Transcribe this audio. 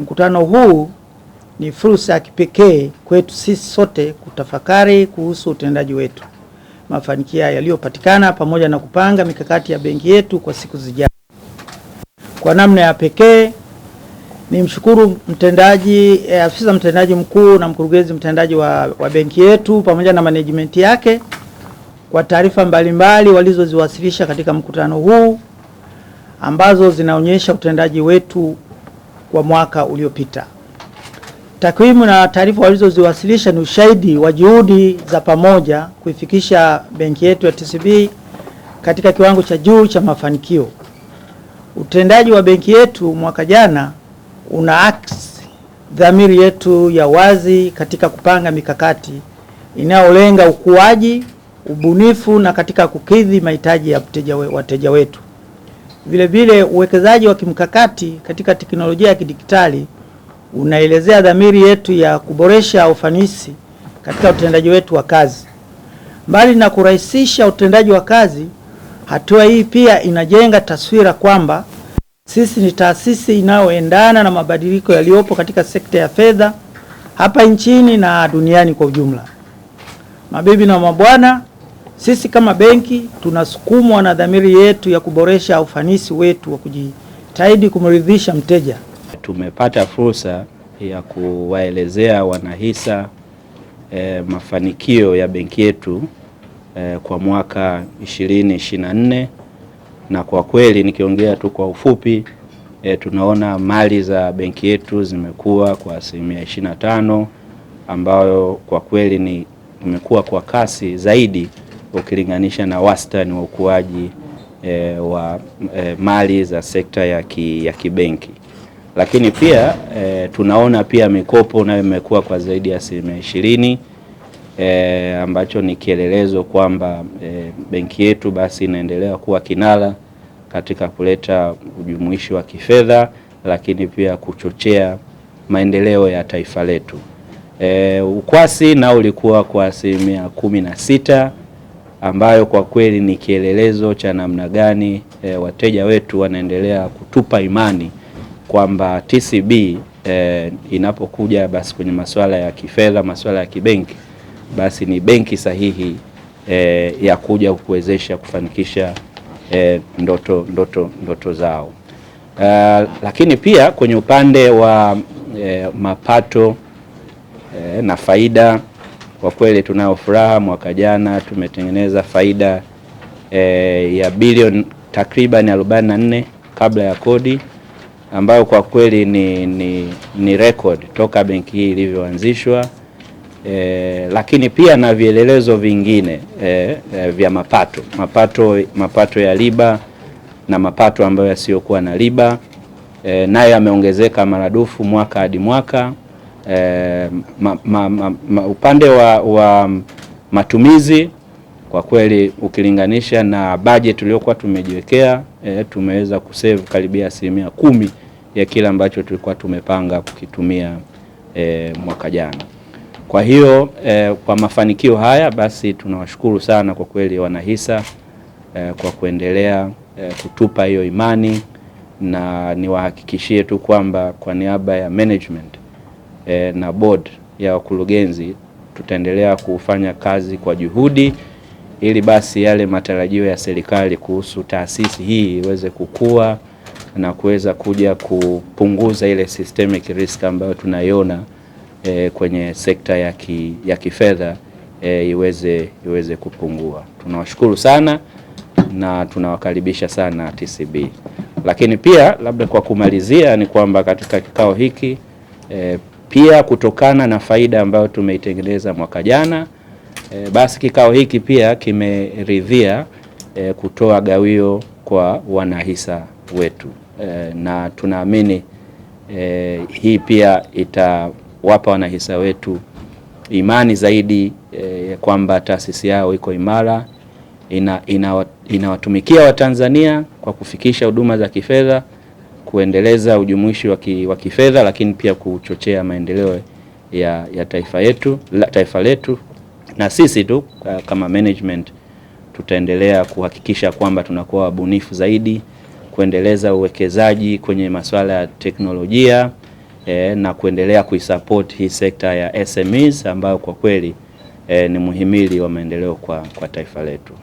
Mkutano huu ni fursa ya kipekee kwetu sisi sote kutafakari kuhusu utendaji wetu, mafanikio yaliyopatikana, pamoja na kupanga mikakati ya benki yetu kwa siku zijazo. Kwa namna ya pekee nimshukuru mtendaji eh, afisa mtendaji mkuu na mkurugenzi mtendaji wa, wa benki yetu pamoja na management yake kwa taarifa mbalimbali walizoziwasilisha katika mkutano huu ambazo zinaonyesha utendaji wetu wa mwaka uliopita. Takwimu na taarifa walizoziwasilisha ni ushahidi wa juhudi za pamoja kuifikisha benki yetu ya TCB katika kiwango cha juu cha mafanikio. Utendaji wa benki yetu mwaka jana unaakisi dhamiri yetu ya wazi katika kupanga mikakati inayolenga ukuaji, ubunifu na katika kukidhi mahitaji ya wateja wetu. Vilevile uwekezaji wa kimkakati katika teknolojia ya kidijitali unaelezea dhamiri yetu ya kuboresha ufanisi katika utendaji wetu wa kazi. Mbali na kurahisisha utendaji wa kazi, hatua hii pia inajenga taswira kwamba sisi ni taasisi inayoendana na mabadiliko yaliyopo katika sekta ya fedha hapa nchini na duniani kwa ujumla. Mabibi na mabwana, sisi kama benki tunasukumwa na dhamiri yetu ya kuboresha ufanisi wetu wa kujitahidi kumridhisha mteja. Tumepata fursa ya kuwaelezea wanahisa eh, mafanikio ya benki yetu eh, kwa mwaka 2024 na kwa kweli nikiongea tu kwa ufupi eh, tunaona mali za benki yetu zimekuwa kwa asilimia 25 ambayo kwa kweli ni imekuwa kwa kasi zaidi ukilinganisha na wastani wa ukuaji e, wa e, mali za sekta ya, ki, ya kibenki. Lakini pia e, tunaona pia mikopo nayo imekuwa kwa zaidi ya asilimia ishirini e, ambacho ni kielelezo kwamba e, benki yetu basi inaendelea kuwa kinara katika kuleta ujumuishi wa kifedha lakini pia kuchochea maendeleo ya taifa letu. E, ukwasi nao ulikuwa kwa asilimia kumi na sita ambayo kwa kweli ni kielelezo cha namna gani e, wateja wetu wanaendelea kutupa imani kwamba TCB e, eh, inapokuja basi kwenye masuala ya kifedha, masuala ya kibenki, basi ni benki sahihi e, ya kuja kuwezesha kufanikisha e, ndoto, ndoto, ndoto zao. Uh, lakini pia kwenye upande wa eh, mapato eh, na faida kwa kweli tunao furaha, mwaka jana tumetengeneza faida e, ya bilioni takriban 44 kabla ya kodi ambayo kwa kweli ni, ni, ni record toka benki hii ilivyoanzishwa e, lakini pia na vielelezo vingine e, e, vya mapato mapato mapato ya riba na mapato ambayo yasiyokuwa na riba e, nayo yameongezeka maradufu mwaka hadi mwaka. Eh, ma, ma, ma, ma, upande wa, wa matumizi kwa kweli ukilinganisha na bajeti tuliyokuwa tumejiwekea eh, tumeweza kusave karibia asilimia kumi ya kile ambacho tulikuwa tumepanga kukitumia eh, mwaka jana. Kwa hiyo eh, kwa mafanikio haya basi tunawashukuru sana kwa kweli wanahisa eh, kwa kuendelea eh, kutupa hiyo imani na niwahakikishie tu kwamba kwa niaba ya management e, na board ya wakurugenzi tutaendelea kufanya kazi kwa juhudi ili basi yale matarajio ya serikali kuhusu taasisi hii iweze kukua na kuweza kuja kupunguza ile systemic risk ambayo tunaiona e, kwenye sekta ya, ki, ya kifedha e, iweze, iweze kupungua. Tunawashukuru sana na tunawakaribisha sana TCB. Lakini pia labda kwa kumalizia ni kwamba katika kikao hiki e, pia kutokana na faida ambayo tumeitengeneza mwaka jana e, basi kikao hiki pia kimeridhia e, kutoa gawio kwa wanahisa wetu e, na tunaamini e, hii pia itawapa wanahisa wetu imani zaidi e, kwamba taasisi yao iko imara inawatumikia ina, ina Watanzania kwa kufikisha huduma za kifedha kuendeleza ujumuishi wa kifedha, lakini pia kuchochea maendeleo ya, ya taifa yetu, la, taifa letu na sisi tu uh, kama management tutaendelea kuhakikisha kwamba tunakuwa wabunifu zaidi, kuendeleza uwekezaji kwenye masuala ya teknolojia eh, na kuendelea kuisupport hii sekta ya SMEs ambayo kwa kweli eh, ni muhimili wa maendeleo kwa, kwa taifa letu.